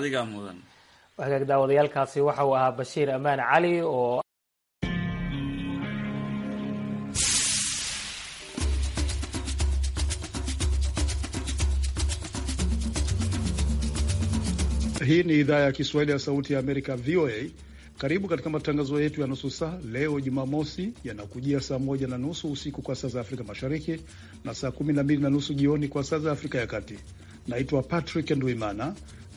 Daawadayaakaasi waxa uu ahaa Bashiir Amaan Cali oo Hii ni idhaa ya Kiswahili ya Sauti ya Amerika, VOA. Karibu katika matangazo yetu ya nusu saa leo Jumamosi, yanakujia saa moja na nusu usiku kwa saa za Afrika Mashariki na saa kumi na mbili na nusu jioni kwa saa za Afrika ya Kati. Naitwa Patrick Nduimana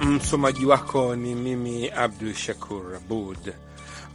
Msomaji wako ni mimi Abdu Shakur Abud.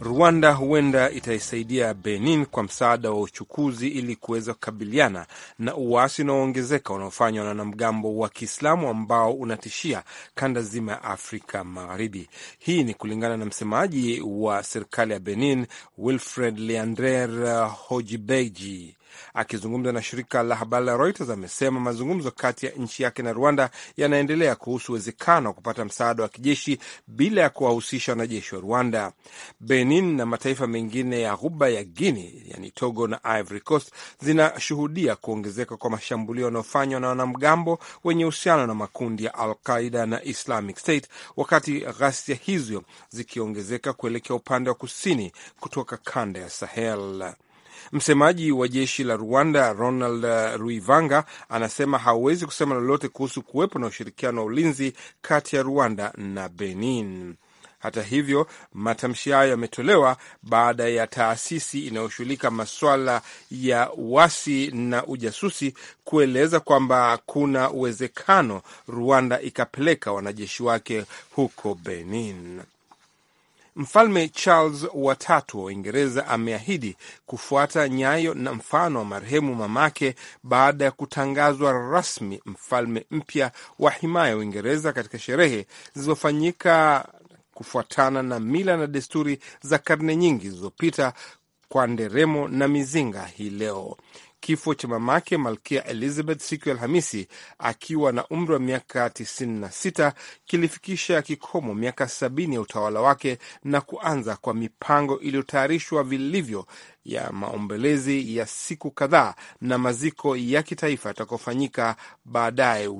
Rwanda huenda itaisaidia Benin kwa msaada wa uchukuzi ili kuweza kukabiliana na uasi unaoongezeka unaofanywa na wanamgambo wa Kiislamu ambao unatishia kanda zima ya Afrika Magharibi. Hii ni kulingana na msemaji wa serikali ya Benin, Wilfred Leandre Hojibeji Akizungumza na shirika la habari la Reuters, amesema mazungumzo kati ya nchi yake na Rwanda yanaendelea kuhusu uwezekano wa kupata msaada wa kijeshi bila ya kuwahusisha wanajeshi wa Rwanda. Benin na mataifa mengine ya ghuba ya Guinea, yani Togo na Ivory Coast, zinashuhudia kuongezeka kwa mashambulio yanayofanywa na wanamgambo wenye uhusiano na makundi ya Alqaida na Islamic State, wakati ghasia hizo zikiongezeka kuelekea upande wa kusini kutoka kanda ya Sahel. Msemaji wa jeshi la Rwanda Ronald Ruivanga anasema hawezi kusema lolote kuhusu kuwepo na ushirikiano wa ulinzi kati ya Rwanda na Benin. Hata hivyo matamshi hayo yametolewa baada ya taasisi inayoshughulika maswala ya uasi na ujasusi kueleza kwamba kuna uwezekano Rwanda ikapeleka wanajeshi wake huko Benin. Mfalme Charles watatu wa Uingereza ameahidi kufuata nyayo na mfano wa marehemu mamake baada ya kutangazwa rasmi mfalme mpya wa himaya ya Uingereza katika sherehe zilizofanyika kufuatana na mila na desturi za karne nyingi zilizopita kwa nderemo na mizinga hii leo kifo cha mamake Malkia Elizabeth siku ya Alhamisi akiwa na umri wa miaka 96 kilifikisha kikomo miaka sabini ya utawala wake na kuanza kwa mipango iliyotayarishwa vilivyo ya maombelezi ya siku kadhaa na maziko ya kitaifa yatakayofanyika baada ya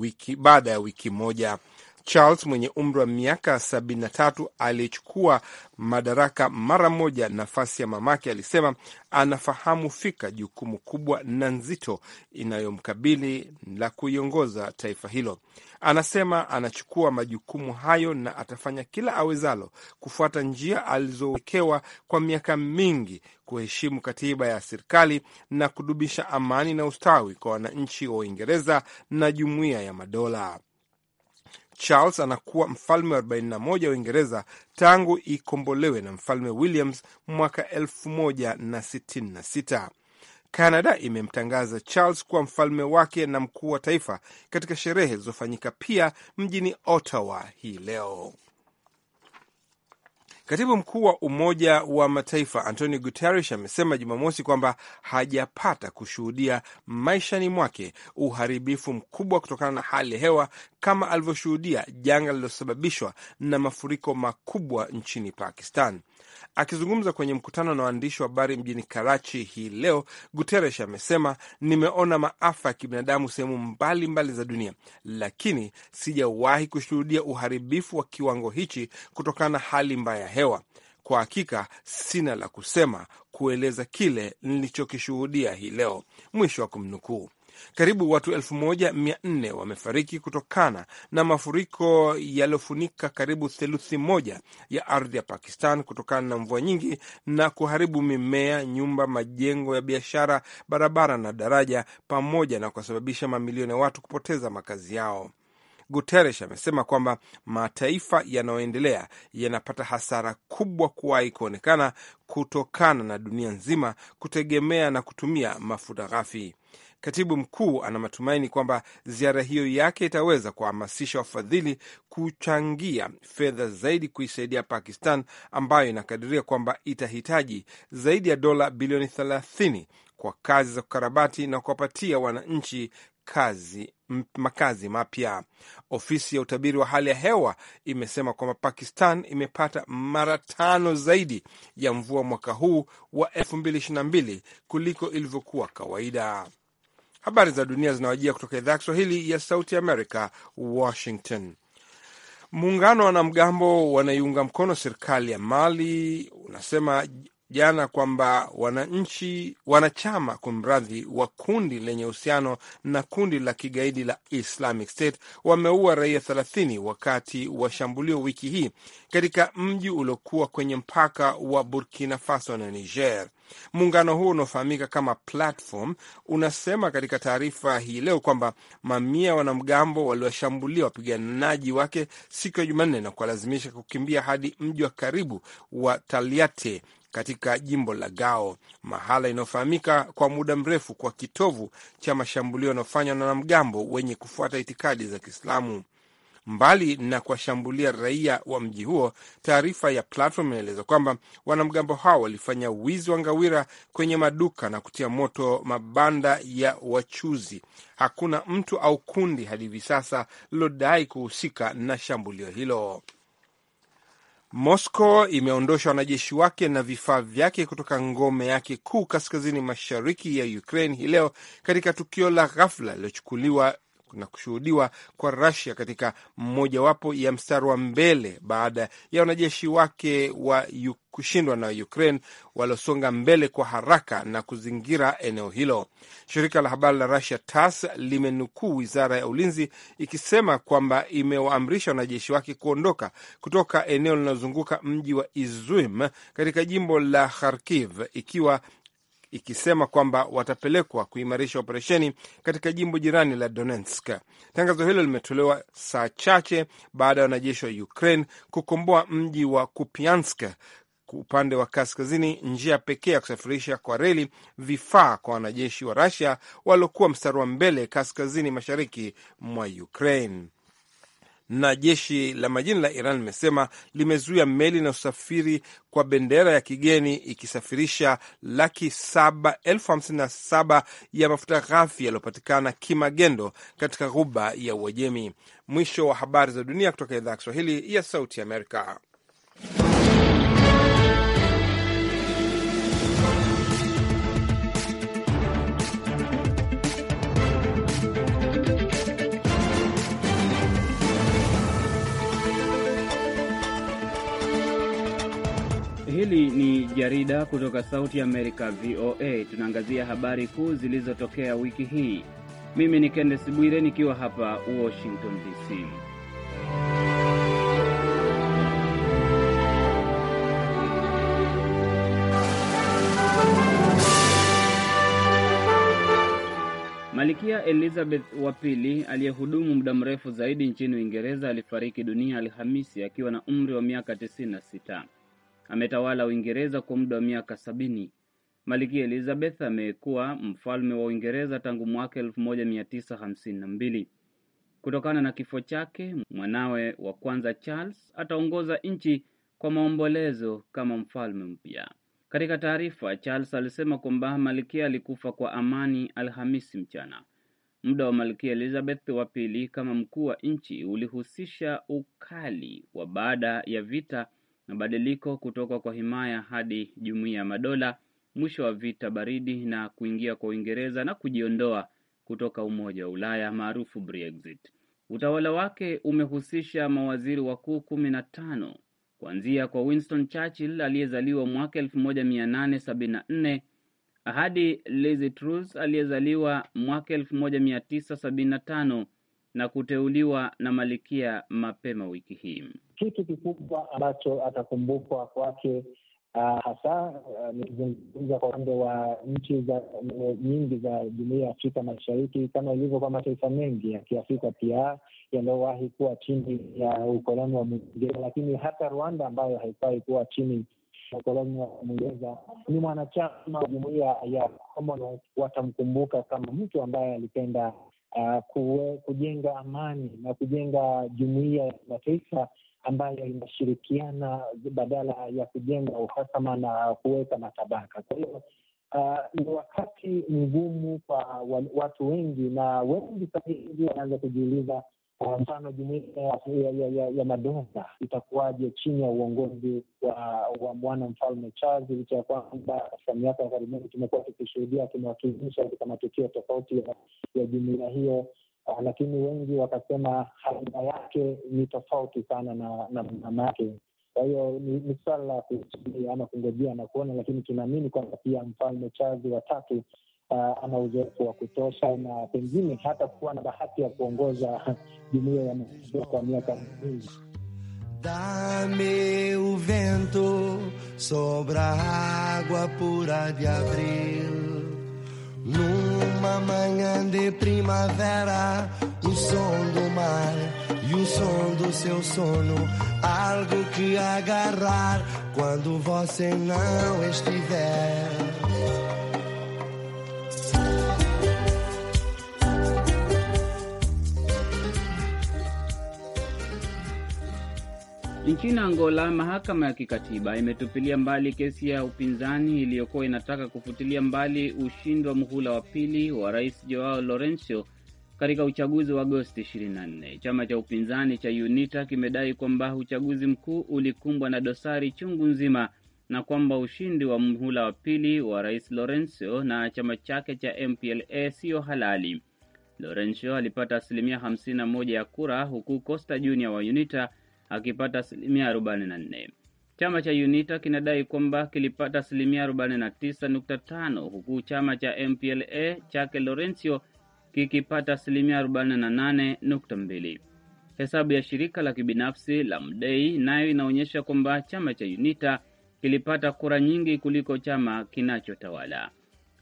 wiki moja. Charles mwenye umri wa miaka 73 aliyechukua madaraka mara moja nafasi ya mamake, alisema anafahamu fika jukumu kubwa na nzito inayomkabili la kuiongoza taifa hilo. Anasema anachukua majukumu hayo na atafanya kila awezalo kufuata njia alizowekewa kwa miaka mingi, kuheshimu katiba ya serikali na kudumisha amani na ustawi kwa wananchi wa Uingereza na jumuiya ya Madola. Charles anakuwa mfalme wa 41 wa Uingereza tangu ikombolewe na mfalme Williams mwaka 1066. Kanada imemtangaza Charles kuwa mfalme wake na mkuu wa taifa katika sherehe zilizofanyika pia mjini Ottawa hii leo. Katibu mkuu wa Umoja wa Mataifa Antonio Guterres amesema Jumamosi kwamba hajapata kushuhudia maishani mwake uharibifu mkubwa kutokana na hali ya hewa kama alivyoshuhudia janga lililosababishwa na mafuriko makubwa nchini Pakistan. Akizungumza kwenye mkutano na waandishi wa habari mjini Karachi hii leo, Guterres amesema nimeona maafa ya kibinadamu sehemu mbalimbali za dunia, lakini sijawahi kushuhudia uharibifu wa kiwango hichi kutokana na hali mbaya ya hewa. Kwa hakika sina la kusema kueleza kile nilichokishuhudia hii leo. Mwisho wa kumnukuu. Karibu watu elfu moja mia nne wamefariki kutokana na mafuriko yaliyofunika karibu theluthi moja ya ardhi ya Pakistan kutokana na mvua nyingi na kuharibu mimea, nyumba, majengo ya biashara, barabara na daraja, pamoja na kusababisha mamilioni ya watu kupoteza makazi yao. Guterres amesema kwamba mataifa yanayoendelea yanapata hasara kubwa kuwahi kuonekana kutokana na dunia nzima kutegemea na kutumia mafuta ghafi. Katibu mkuu ana matumaini kwamba ziara hiyo yake itaweza kuhamasisha wafadhili kuchangia fedha zaidi kuisaidia Pakistan ambayo inakadiria kwamba itahitaji zaidi ya dola bilioni 30 kwa kazi za kukarabati na kuwapatia wananchi kazi makazi mapya. Ofisi ya utabiri wa hali ya hewa imesema kwamba Pakistan imepata mara tano zaidi ya mvua mwaka huu wa 2022 kuliko ilivyokuwa kawaida. Habari za dunia zinawajia kutoka idhaa ya Kiswahili ya Sauti Amerika, Washington. Muungano wa wanamgambo wanaiunga mkono serikali ya Mali unasema jana kwamba wananchi wanachama kumradhi wa kundi lenye uhusiano na kundi la kigaidi la Islamic State wameua raia thelathini wakati wa shambulio wiki hii katika mji uliokuwa kwenye mpaka wa Burkina Faso na Niger. Muungano huo unaofahamika kama Platform unasema katika taarifa hii leo kwamba mamia ya wanamgambo waliwashambulia wapiganaji wake siku ya Jumanne na kuwalazimisha kukimbia hadi mji wa karibu wa Taliate katika jimbo la Gao, mahala inayofahamika kwa muda mrefu kwa kitovu cha mashambulio yanayofanywa na wanamgambo wenye kufuata itikadi za Kiislamu. Mbali na kuwashambulia raia wa mji huo, taarifa ya Platform inaeleza kwamba wanamgambo hao walifanya wizi wa ngawira kwenye maduka na kutia moto mabanda ya wachuzi. Hakuna mtu au kundi hadi hivi sasa lilodai kuhusika na shambulio hilo. Moscow imeondosha wanajeshi wake na vifaa vyake kutoka ngome yake kuu kaskazini mashariki ya Ukraine hii leo katika tukio la ghafla lililochukuliwa na kushuhudiwa kwa rasia katika mmojawapo ya mstari wa mbele baada ya wanajeshi wake wa kushindwa na Ukraine waliosonga mbele kwa haraka na kuzingira eneo hilo. Shirika la habari la Rusia tas limenukuu wizara ya ulinzi ikisema kwamba imewaamrisha wanajeshi wake kuondoka kutoka eneo linalozunguka mji wa Izuim katika jimbo la Kharkiv ikiwa ikisema kwamba watapelekwa kuimarisha operesheni katika jimbo jirani la Donetsk. Tangazo hilo limetolewa saa chache baada ya wanajeshi wa Ukraine kukomboa mji wa Kupiansk upande wa kaskazini, njia pekee ya kusafirisha kwa reli vifaa kwa wanajeshi wa Rusia waliokuwa mstari wa mbele kaskazini mashariki mwa Ukraine na jeshi la majini la Iran limesema limezuia meli inayosafiri kwa bendera ya kigeni ikisafirisha laki saba elfu hamsini na saba ya mafuta ghafi yaliyopatikana kimagendo katika ghuba ya Uajemi. Mwisho wa habari za dunia kutoka idhaa ya Kiswahili ya Sauti Amerika. Hili ni jarida kutoka Sauti ya Amerika, VOA. Tunaangazia habari kuu zilizotokea wiki hii. Mimi ni Kennes Bwire nikiwa hapa Washington DC. malikia Elizabeth wa pili aliyehudumu muda mrefu zaidi nchini Uingereza alifariki dunia Alhamisi akiwa na umri wa miaka 96. Ametawala Uingereza kwa muda wa miaka sabini. Malkia Elizabeth amekuwa mfalme wa Uingereza tangu mwaka 1952. Kutokana na kifo chake, mwanawe wa kwanza Charles ataongoza nchi kwa maombolezo kama mfalme mpya. Katika taarifa, Charles alisema kwamba malkia alikufa kwa amani Alhamisi mchana. Muda wa Malkia Elizabeth wa pili kama mkuu wa nchi ulihusisha ukali wa baada ya vita mabadiliko kutoka kwa himaya hadi Jumuiya ya Madola, mwisho wa vita baridi na kuingia kwa Uingereza na kujiondoa kutoka Umoja wa Ulaya maarufu Brexit. Utawala wake umehusisha mawaziri wakuu kumi na tano kuanzia kwa Winston Churchill aliyezaliwa mwaka 1874 hadi Liz Truss aliyezaliwa mwaka 1975 na kuteuliwa na malikia mapema wiki hii. Kitu kikubwa ambacho atakumbukwa kwake Uh, hasa uh, ah, nikizungumza kwa upande wa nchi za nyingi za jumuiya ya Afrika Mashariki, kama ilivyo kwa mataifa mengi ya Kiafrika pia yaliyowahi kuwa chini ya ukoloni wa Mwingereza, lakini hata Rwanda ambayo haikuwahi kuwa chini ya ukoloni wa Mwingereza ni mwanachama wa jumuiya ya Commonwealth, watamkumbuka kama mtu ambaye alipenda uh, kujenga amani na kujenga jumuiya ya kimataifa ambayo inashirikiana badala ya kujenga uhasama na kuweka matabaka. Kwa hiyo uh, ni wakati mgumu kwa watu wengi, na wengi sahizi wanaanza kujiuliza kwa mfano jumuiya ya, ya, ya, ya madola itakuwaje chini ya uongozi wa, wa mwana mfalme Charles, licha ya kwamba katika miaka ya karibuni tumekuwa tukishuhudia akimewakilisha katika matukio tofauti ya, ya jumuiya hiyo. Uh, lakini wengi wakasema hatima yake ni tofauti sana na, na mama yake. Kwa hiyo ni, ni swala la kusubiri ama kungojea na kuona, lakini tunaamini kwamba pia mfalme Charles watatu uh, ama uzoefu wa kutosha na pengine hata kuwa na bahati ya kuongoza jumuiya ya mazingira kwa miaka mingi. Dame o vento sobre a água pura de abril. Numa manhã de primavera, o som do mar e o som do seu sono, algo que agarrar quando você não estiver. Nchini Angola, mahakama ya kikatiba imetupilia mbali kesi ya upinzani iliyokuwa inataka kufutilia mbali ushindi wa muhula wa pili wa rais Joao lorencio katika uchaguzi wa Agosti 24. Chama cha upinzani cha UNITA kimedai kwamba uchaguzi mkuu ulikumbwa na dosari chungu nzima na kwamba ushindi wa muhula wa pili wa rais Lorenzo na chama chake cha MPLA siyo halali. lorencio alipata asilimia 51 ya kura huku Costa Junior wa UNITA akipata asilimia arobaini Chama cha UNITA kinadai kwamba kilipata asilimia 49.5 huku chama cha MPLA chake Lorencio kikipata asilimia 48.2. Hesabu ya shirika la kibinafsi la Mdei nayo inaonyesha kwamba chama cha UNITA kilipata kura nyingi kuliko chama kinachotawala.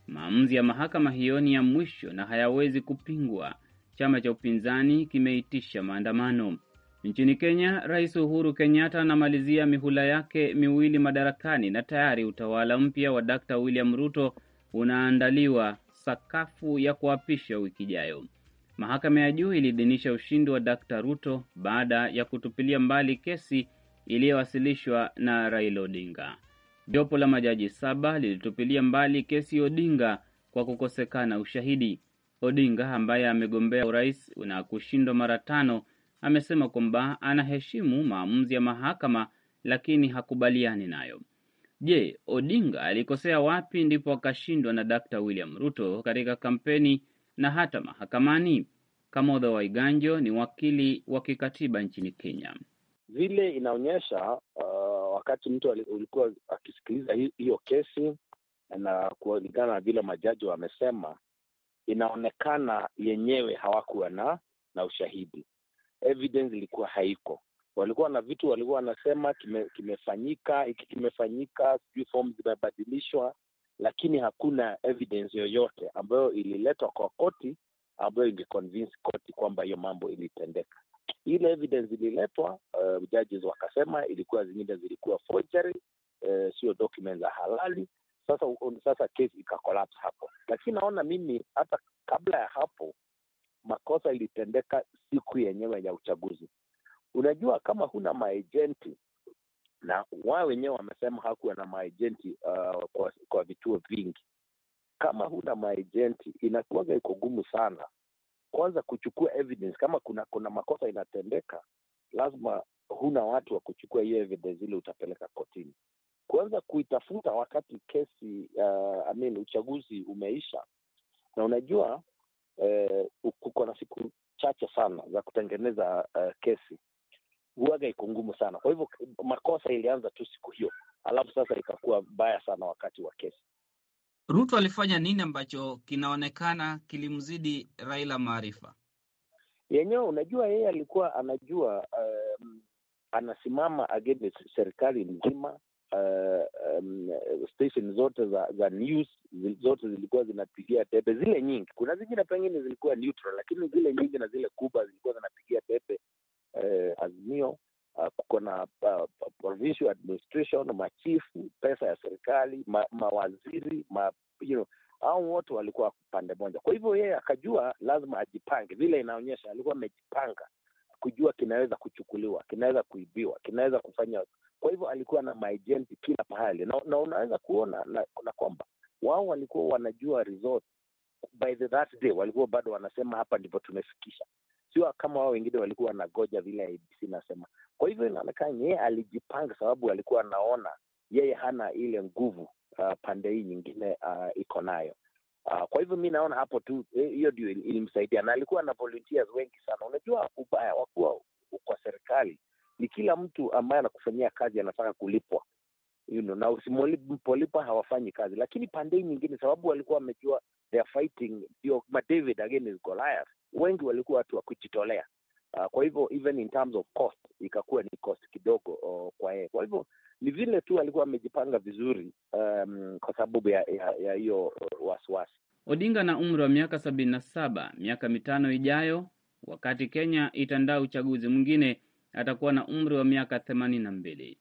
Maamuzi ya mahakama hiyo ni ya mwisho na hayawezi kupingwa. Chama cha upinzani kimeitisha maandamano. Nchini Kenya, Rais Uhuru Kenyatta anamalizia mihula yake miwili madarakani na tayari utawala mpya wa Dkt. William Ruto unaandaliwa sakafu ya kuapisha wiki ijayo. Mahakama ya juu iliidhinisha ushindi wa Dkt. Ruto baada ya kutupilia mbali kesi iliyowasilishwa na Raila Odinga. Jopo la majaji saba lilitupilia mbali kesi ya Odinga kwa kukosekana ushahidi. Odinga ambaye amegombea urais na kushindwa mara tano amesema kwamba anaheshimu maamuzi ya mahakama lakini hakubaliani nayo. Je, Odinga alikosea wapi ndipo akashindwa na dkt William Ruto katika kampeni na hata mahakamani? Kamodho Waiganjo ni wakili wa kikatiba nchini Kenya. Vile inaonyesha uh, wakati mtu ulikuwa akisikiliza hiyo kesi na kulingana na vile majaji wamesema, inaonekana yenyewe hawakuwa na na ushahidi evidence ilikuwa haiko. Walikuwa na vitu walikuwa wanasema kime, kimefanyika hiki kimefanyika, sijui fomu zimebadilishwa, lakini hakuna evidence yoyote ambayo ililetwa kwa koti ambayo ingeconvince koti kwamba hiyo mambo ilitendeka. Ile evidence ililetwa, uh, judges wakasema ilikuwa zingine zilikuwa forgery, uh, sio document za halali. Sasa sasa kesi ikakolapse hapo, lakini naona mimi hata kabla ya hapo makosa ilitendeka siku yenyewe ya uchaguzi. Unajua, kama huna maejenti na wao wenyewe wamesema hakuwa na maejenti uh, kwa, kwa vituo vingi. Kama huna maejenti inakuwaga iko gumu sana, kwanza kuchukua evidence. Kama kuna kuna makosa inatendeka, lazima huna watu wa kuchukua hiyo evidence ile utapeleka kotini. Kuanza kuitafuta wakati kesi uh, I mean, uchaguzi umeisha, na unajua eh, kuko na siku chache sana za kutengeneza uh, kesi huaga iko ngumu sana. Kwa hivyo makosa ilianza tu siku hiyo, alafu sasa ikakuwa mbaya sana wakati wa kesi. Ruto alifanya nini ambacho kinaonekana kilimzidi Raila maarifa yenyewe? Unajua, yeye alikuwa anajua um, anasimama against serikali nzima uh, um, station zote za za news zote zilikuwa zinapigia tepe, zile nyingi. Kuna zingine pengine zilikuwa neutral, lakini zile nyingi na zile kubwa zilikuwa zinapigia tepe uh, Azimio. Uh, kuko na uh, provincial administration, machifu, pesa ya serikali, ma, mawaziri ma, you know, au wote walikuwa pande moja. Kwa hivyo yeye akajua lazima ajipange, vile inaonyesha alikuwa amejipanga kujua kinaweza kuchukuliwa, kinaweza kuibiwa, kinaweza kufanya. Kwa hivyo alikuwa na maejenti kila pahali, na, na unaweza kuona na, na kwamba wao walikuwa wanajua resort by the that day, walikuwa bado wanasema hapa ndipo tumefikisha, sio kama wao wengine walikuwa wanagoja vile ABC nasema. Kwa hivyo inaonekana yeye alijipanga, sababu alikuwa anaona yeye hana ile nguvu uh, pande hii nyingine uh, iko nayo Uh, kwa hivyo mi naona hapo tu eh, hiyo eh, ndio ilimsaidia, na alikuwa na volunteers wengi sana. Unajua ubaya wakuwa kwa serikali ni kila mtu ambaye anakufanyia kazi anataka kulipwa you know, na usipolipa hawafanyi kazi. Lakini pande nyingine, sababu walikuwa wamejua they are fighting your David against Goliath, wengi walikuwa watu wa kujitolea Uh, kwa hivyo even in terms of cost ikakuwa ni cost kidogo uh, kwa yeye. Kwa hivyo ni vile tu alikuwa amejipanga vizuri um, kwa sababu ya hiyo wasiwasi. Odinga na umri wa miaka sabini na saba miaka mitano ijayo, wakati Kenya itandaa uchaguzi mwingine, atakuwa na umri wa miaka themanini na mbili.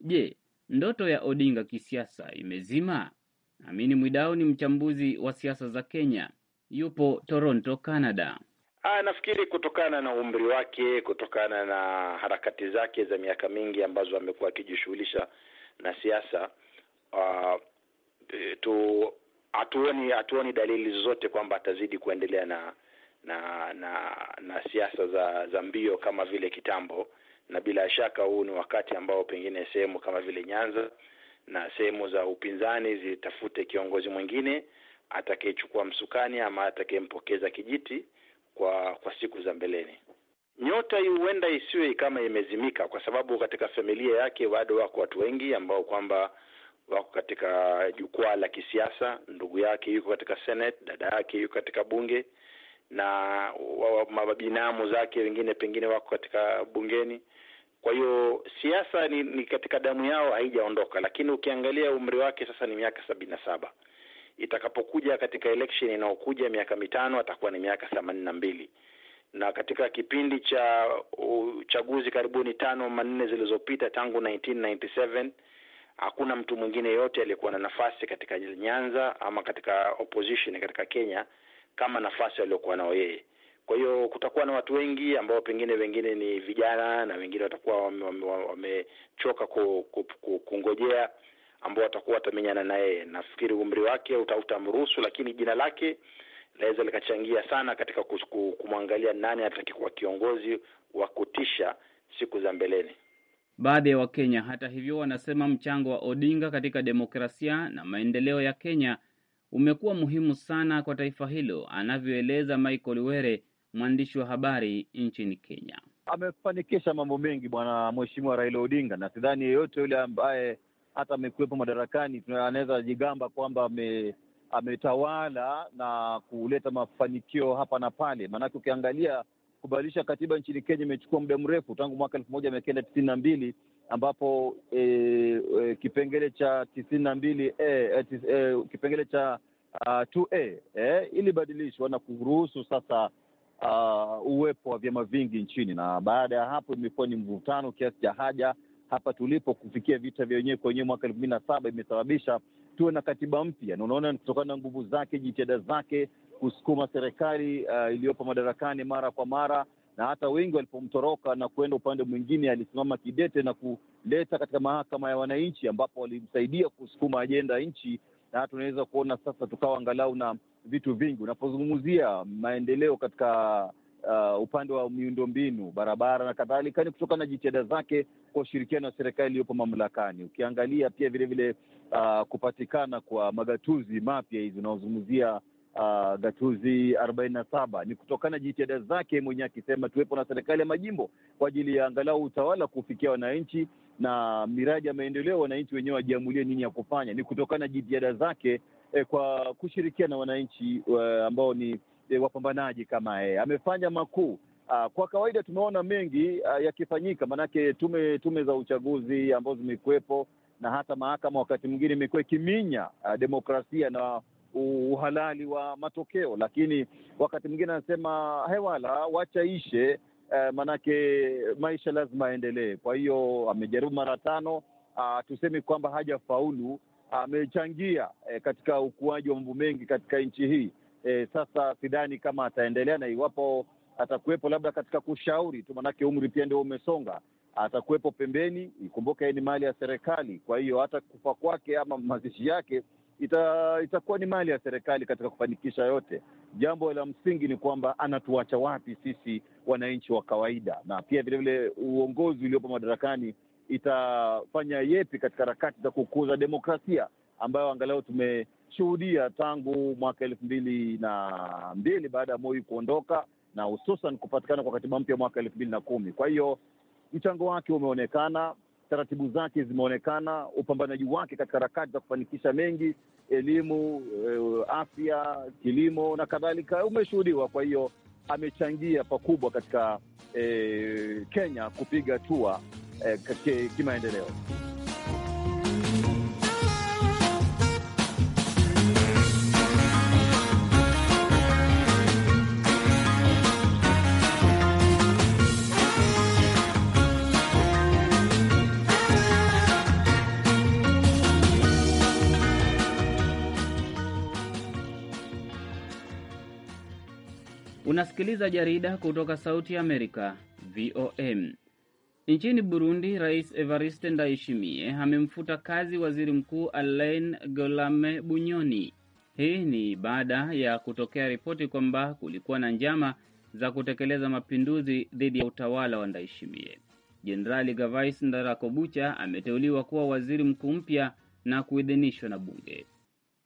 Je, ndoto ya Odinga kisiasa imezima? Amini Mwidau ni mchambuzi wa siasa za Kenya, yupo Toronto, Canada. Ah, nafikiri kutokana na umri wake, kutokana na harakati zake za miaka mingi ambazo amekuwa akijishughulisha na siasa uh, tu hatuoni hatuoni dalili zozote kwamba atazidi kuendelea na na na na siasa za za mbio kama vile kitambo, na bila shaka huu ni wakati ambao pengine sehemu kama vile Nyanza na sehemu za upinzani zitafute kiongozi mwingine atakayechukua msukani ama atakayempokeza kijiti kwa kwa siku za mbeleni. Nyota hii huenda isiwe kama imezimika, kwa sababu katika familia yake bado wako watu wengi ambao kwamba wako katika jukwaa la kisiasa. Ndugu yake yuko katika Senate, dada yake yuko katika bunge na mabinamu zake wengine pengine wako katika bungeni. Kwa hiyo siasa ni, ni katika damu yao, haijaondoka. Lakini ukiangalia umri wake sasa ni miaka sabini na saba itakapokuja katika election inayokuja miaka mitano atakuwa ni miaka themanini na mbili na katika kipindi cha uchaguzi karibuni tano manne zilizopita tangu 1997 hakuna mtu mwingine yote aliyekuwa na nafasi katika Nyanza ama katika opposition katika Kenya kama nafasi aliyokuwa nao yeye. Kwa hiyo kutakuwa na watu wengi ambao pengine wengine ni vijana na wengine watakuwa wamechoka wame, wame kungojea ku, ku, ambao watakuwa watamenyana na yeye. Nafikiri umri wake utamruhusu, lakini jina lake naweza likachangia sana katika kumwangalia nani anataki kuwa kiongozi wa kutisha siku za mbeleni. Baadhi ya Wakenya hata hivyo wanasema mchango wa Odinga katika demokrasia na maendeleo ya Kenya umekuwa muhimu sana kwa taifa hilo, anavyoeleza Michael Were, mwandishi wa habari nchini Kenya. Amefanikisha mambo mengi bwana Mheshimiwa Raila Odinga, na sidhani yeyote yule ambaye hata amekuwepo madarakani, anaweza jigamba kwamba ametawala na kuleta mafanikio hapa na pale. Maanake ukiangalia kubadilisha katiba nchini Kenya imechukua muda mrefu tangu mwaka elfu moja mia kenda tisini na mbili ambapo e, e, kipengele cha tisini na mbili e, e, kipengele cha uh, 2A e, ilibadilishwa na kuruhusu sasa uh, uwepo wa vyama vingi nchini, na baada ya hapo imekuwa ni mvutano kiasi cha haja hapa tulipo kufikia vita vya wenyewe kwa mwaka elfu mbili na saba imesababisha tuwe na katiba mpya, na unaona kutokana na nguvu zake, jitihada zake kusukuma serikali uh, iliyopo madarakani mara kwa mara, na hata wengi walipomtoroka na kuenda upande mwingine, alisimama kidete na kuleta katika mahakama ya wananchi, ambapo walimsaidia kusukuma ajenda ya nchi, na hata unaweza kuona sasa tukawa angalau na vitu vingi. Unapozungumzia maendeleo katika uh, upande wa miundombinu, barabara na kadhalika, ni kutokana na jitihada zake kwa ushirikiano wa serikali iliyopo mamlakani. Ukiangalia pia vilevile vile, uh, kupatikana kwa magatuzi mapya hizi unaozungumzia Uh, gatuzi arobaini na saba ni kutokana na jitihada zake mwenyewe akisema tuwepo na serikali ya majimbo kwa ajili ya angalau utawala kufikia wananchi na miradi ya maendeleo, wananchi wenyewe wajiamulie nini ya kufanya. Ni kutokana na jitihada zake eh, kwa kushirikiana na wananchi eh, ambao ni e, wapambanaji kama yeye amefanya makuu. Ah, kwa kawaida tumeona mengi ah, yakifanyika, maanake tume tume za uchaguzi ambazo zimekuwepo na hata mahakama wakati mwingine imekuwa ikiminya ah, demokrasia na uhalali wa matokeo, lakini wakati mwingine anasema hewala, wacha ishe eh, maanake maisha lazima yaendelee. Kwa hiyo amejaribu mara tano, tuseme kwamba hajafaulu, amechangia eh, katika ukuaji wa mambo mengi katika nchi hii e, sasa sidhani kama ataendelea, na iwapo atakuwepo labda katika kushauri tu, maanake umri pia ndio umesonga atakuwepo pembeni. Ikumbuke ni mali ya serikali, kwa hiyo hata kufa kwake ama mazishi yake ita, itakuwa ni mali ya serikali katika kufanikisha yote. Jambo la msingi ni kwamba anatuacha wapi sisi wananchi wa kawaida, na pia vilevile uongozi uliopo madarakani itafanya yepi katika harakati za kukuza demokrasia ambayo angalau tumeshuhudia tangu mwaka elfu mbili na mbili baada ya Moi kuondoka na hususan kupatikana kwa katiba mpya mwaka elfu mbili na kumi. Kwa hiyo mchango wake umeonekana, taratibu zake zimeonekana, upambanaji wake katika harakati za kufanikisha mengi, elimu, eh, afya, kilimo na kadhalika umeshuhudiwa. Kwa hiyo amechangia pakubwa katika eh, Kenya kupiga hatua eh, kimaendeleo. Unasikiliza jarida kutoka Sauti ya Amerika, VOM. Nchini Burundi, Rais Evariste Ndayishimiye amemfuta kazi waziri mkuu Alain golame Bunyoni. Hii ni baada ya kutokea ripoti kwamba kulikuwa na njama za kutekeleza mapinduzi dhidi ya utawala wa Ndayishimiye. Jenerali Gavais Ndarakobucha ameteuliwa kuwa waziri mkuu mpya na kuidhinishwa na bunge.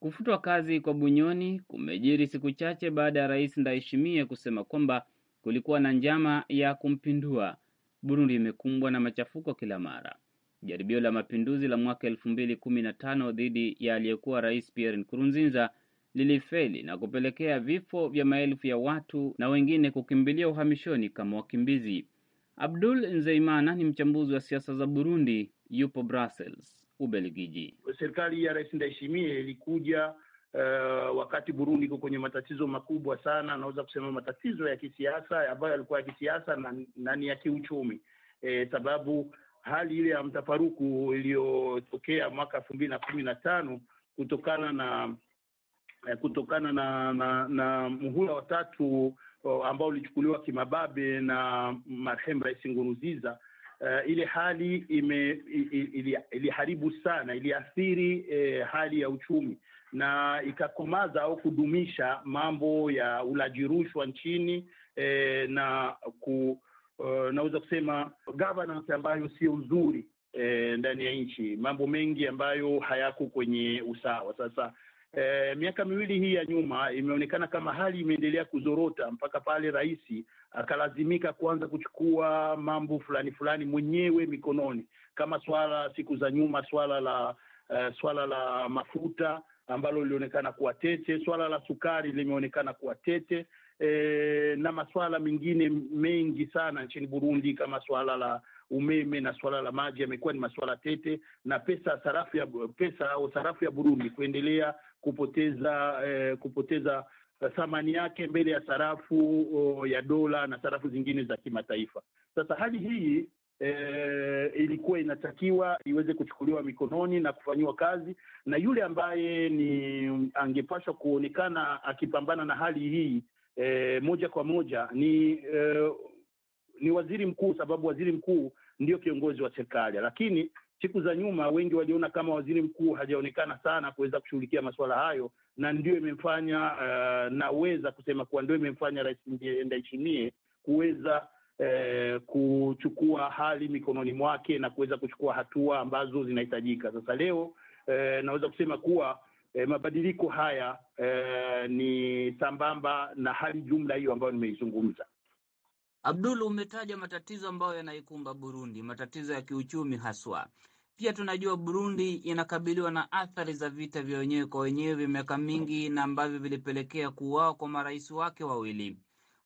Kufutwa kazi kwa Bunyoni kumejiri siku chache baada ya Rais Ndayishimiye kusema kwamba kulikuwa na njama ya kumpindua. Burundi imekumbwa na machafuko kila mara. Jaribio la mapinduzi la mwaka elfu mbili kumi na tano dhidi ya aliyekuwa Rais Pierre Nkurunziza lilifeli na kupelekea vifo vya maelfu ya watu na wengine kukimbilia uhamishoni kama wakimbizi. Abdul Nzeimana ni mchambuzi wa siasa za Burundi, yupo Brussels. Ubelgiji. Serikali ya Rais Ndayishimiye ilikuja Uh, wakati Burundi iko kwenye matatizo makubwa sana, naweza kusema matatizo ya kisiasa ambayo yalikuwa ya kisiasa na, na ni ya kiuchumi e, sababu hali ile ya mtafaruku iliyotokea mwaka elfu mbili na kumi na tano kutokana na eh, kutokana na na, na muhula watatu oh, ambao ulichukuliwa kimababe na marehemu Rais Nkurunziza uh, ile hali ime, ili, iliharibu sana, iliathiri eh, hali ya uchumi na ikakomaza au kudumisha mambo ya ulaji rushwa nchini eh, na ku, uh, naweza kusema governance ambayo sio nzuri eh, ndani ya nchi, mambo mengi ambayo hayako kwenye usawa. Sasa E, miaka miwili hii ya nyuma imeonekana kama hali imeendelea kuzorota mpaka pale rais akalazimika kuanza kuchukua mambo fulani fulani mwenyewe mikononi, kama swala siku za nyuma, swala la uh, swala la mafuta ambalo lilionekana kuwa tete, swala la sukari limeonekana kuwa tete e, na masuala mengine mengi sana nchini Burundi kama swala la umeme na suala la maji yamekuwa ni masuala tete, na pesa sarafu ya pesa au sarafu ya Burundi kuendelea kupoteza eh, kupoteza thamani yake mbele ya sarafu oh, ya dola na sarafu zingine za kimataifa. Sasa hali hii E, ilikuwa inatakiwa iweze kuchukuliwa mikononi na kufanyiwa kazi, na yule ambaye ni angepaswa kuonekana akipambana na hali hii e, moja kwa moja ni e, ni waziri mkuu, sababu waziri mkuu ndio kiongozi wa serikali. Lakini siku za nyuma wengi waliona kama waziri mkuu hajaonekana sana kuweza kushughulikia masuala hayo, na ndio imemfanya uh, naweza kusema kuwa ndio imemfanya Rais Ndayishimiye kuweza Eh, kuchukua hali mikononi mwake na kuweza kuchukua hatua ambazo zinahitajika. Sasa leo eh, naweza kusema kuwa eh, mabadiliko haya eh, ni sambamba na hali jumla hiyo ambayo nimeizungumza. Abdul, umetaja matatizo ambayo yanaikumba Burundi, matatizo ya kiuchumi haswa. Pia tunajua Burundi inakabiliwa na athari za vita vya wenyewe kwa wenyewe miaka mingi na ambavyo vilipelekea kuuawa kwa marais wake wawili.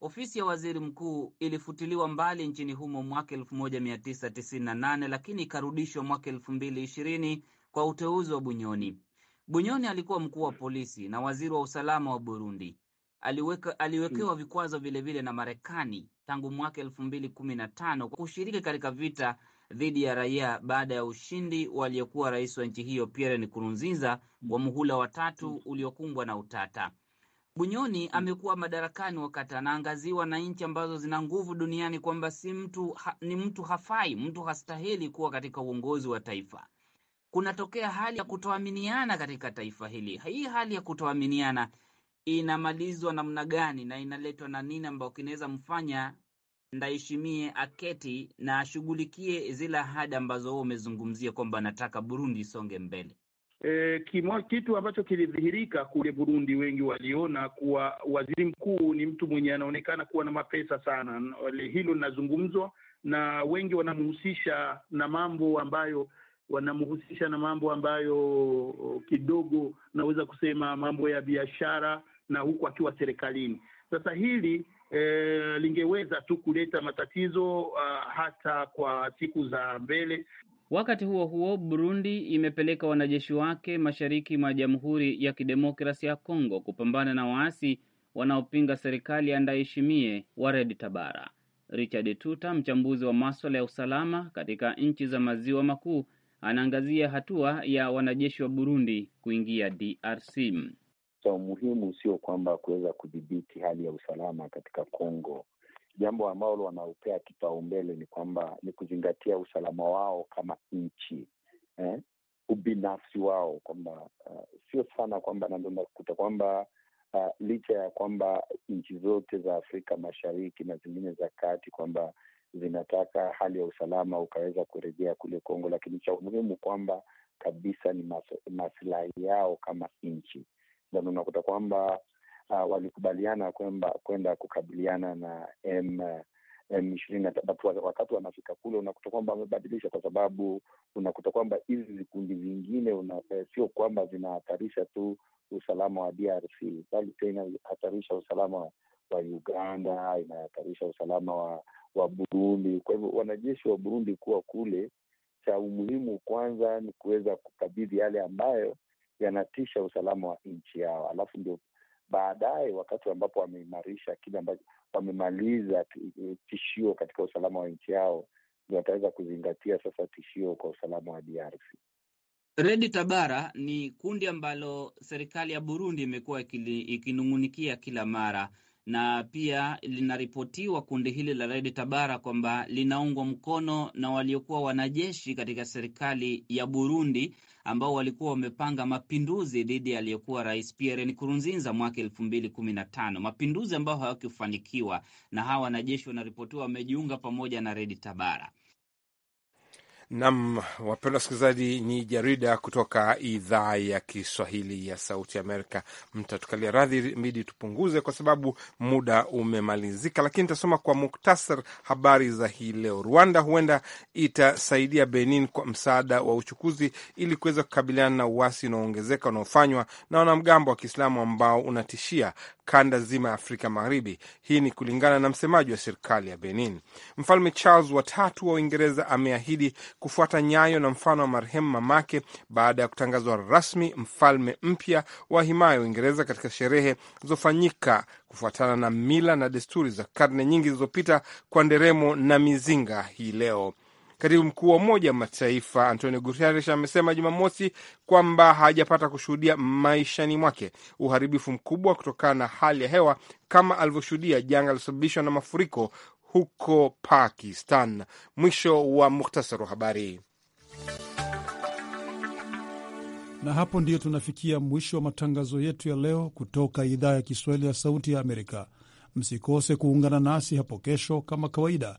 Ofisi ya waziri mkuu ilifutiliwa mbali nchini humo mwaka 1998 lakini ikarudishwa mwaka 2020 kwa uteuzi wa Bunyoni. Bunyoni alikuwa mkuu wa polisi na waziri wa usalama wa Burundi. Aliweka, aliwekewa hmm. vikwazo vilevile na Marekani tangu mwaka elfu mbili kumi na tano kwa kushiriki katika vita dhidi ya raia baada ya ushindi wa rais wa nchi hiyo Pierre Nkurunziza wa muhula watatu uliokumbwa na utata. Bunyoni amekuwa madarakani wakati anaangaziwa na nchi ambazo zina nguvu duniani kwamba si mtu ha, ni mtu hafai, mtu hastahili kuwa katika uongozi wa taifa. Kunatokea hali ya kutoaminiana katika taifa hili. Hii hali ya kutoaminiana inamalizwa namna gani na inaletwa na nini ambao kinaweza mfanya ndaheshimie aketi na ashughulikie zile ahadi ambazo huo umezungumzia kwamba anataka Burundi isonge mbele. E, kimo, kitu ambacho kilidhihirika kule Burundi, wengi waliona kuwa waziri mkuu ni mtu mwenye anaonekana kuwa na mapesa sana. Hilo linazungumzwa na wengi wanamhusisha na mambo ambayo wanamhusisha na mambo ambayo kidogo naweza kusema mambo ya biashara na huku akiwa serikalini. Sasa hili e, lingeweza tu kuleta matatizo uh, hata kwa siku za mbele. Wakati huo huo, Burundi imepeleka wanajeshi wake mashariki mwa Jamhuri ya Kidemokrasia ya Kongo kupambana na waasi wanaopinga serikali ya Ndayishimiye wa Red Tabara. Richard Tuta, mchambuzi wa maswala ya usalama katika nchi za maziwa makuu, anaangazia hatua ya wanajeshi wa Burundi kuingia DRC. So umuhimu sio kwamba kuweza kudhibiti hali ya usalama katika Kongo. Jambo ambalo wanaopea kipaumbele ni kwamba ni kuzingatia usalama wao kama nchi eh? ubinafsi wao kwamba uh, sio sana kwamba nandoa kwamba uh, licha ya kwamba nchi zote za Afrika Mashariki na zingine za kati kwamba zinataka hali ya usalama ukaweza kurejea kule Kongo, lakini cha umuhimu kwamba kabisa ni maslahi yao kama nchi unakuta kwamba uh, walikubaliana kwamba kwenda kukabiliana na M ishirini na tatu. Wakati wanafika kule, unakuta kwamba wamebadilisha, kwa sababu unakuta kwamba hizi vikundi vingine eh, sio kwamba vinahatarisha tu usalama wa DRC bali pia inahatarisha usalama wa Uganda, inahatarisha usalama wa, wa Burundi. Kwa hivyo wanajeshi wa Burundi kuwa kule, cha umuhimu kwanza ni kuweza kukabidhi yale ambayo yanatisha usalama wa nchi yao, alafu ndio baadaye wakati ambapo wameimarisha kile ambacho wamemaliza e, tishio katika usalama wa nchi yao, ndio wataweza kuzingatia sasa tishio kwa usalama wa DRC. Redi Tabara ni kundi ambalo serikali ya Burundi imekuwa ikinung'unikia kila mara na pia linaripotiwa kundi hili la Red Tabara kwamba linaungwa mkono na waliokuwa wanajeshi katika serikali ya Burundi ambao walikuwa wamepanga mapinduzi dhidi ya aliyekuwa rais Pierre Nkurunziza mwaka elfu mbili kumi na tano, mapinduzi ambayo hawakufanikiwa, na hawa wanajeshi wanaripotiwa wamejiunga pamoja na Red Tabara. Nam, wapendwa wasikilizaji, ni jarida kutoka idhaa ya Kiswahili ya Sauti Amerika. Mtatukalia radhi midi tupunguze kwa sababu muda umemalizika, lakini nitasoma kwa muktasar habari za hii leo. Rwanda huenda itasaidia Benin kwa msaada wa uchukuzi ili kuweza kukabiliana na uasi unaoongezeka unaofanywa na wanamgambo wa Kiislamu ambao unatishia kanda zima ya Afrika Magharibi. Hii ni kulingana na msemaji wa serikali ya Benin. Mfalme Charles watatu wa Uingereza ameahidi kufuata nyayo na mfano wa marehemu mamake baada ya kutangazwa rasmi mfalme mpya wa himaya ya Uingereza katika sherehe zilizofanyika kufuatana na mila na desturi za karne nyingi zilizopita kwa nderemo na mizinga hii leo. Katibu mkuu wa Umoja wa Mataifa Antonio Guterres amesema Jumamosi kwamba hajapata kushuhudia maishani mwake uharibifu mkubwa kutokana na hali ya hewa kama alivyoshuhudia janga lilosababishwa na mafuriko huko Pakistan. Mwisho wa muhtasari wa habari. Na hapo ndiyo tunafikia mwisho wa matangazo yetu ya leo kutoka idhaa ya Kiswahili ya Sauti ya Amerika. Msikose kuungana nasi hapo kesho kama kawaida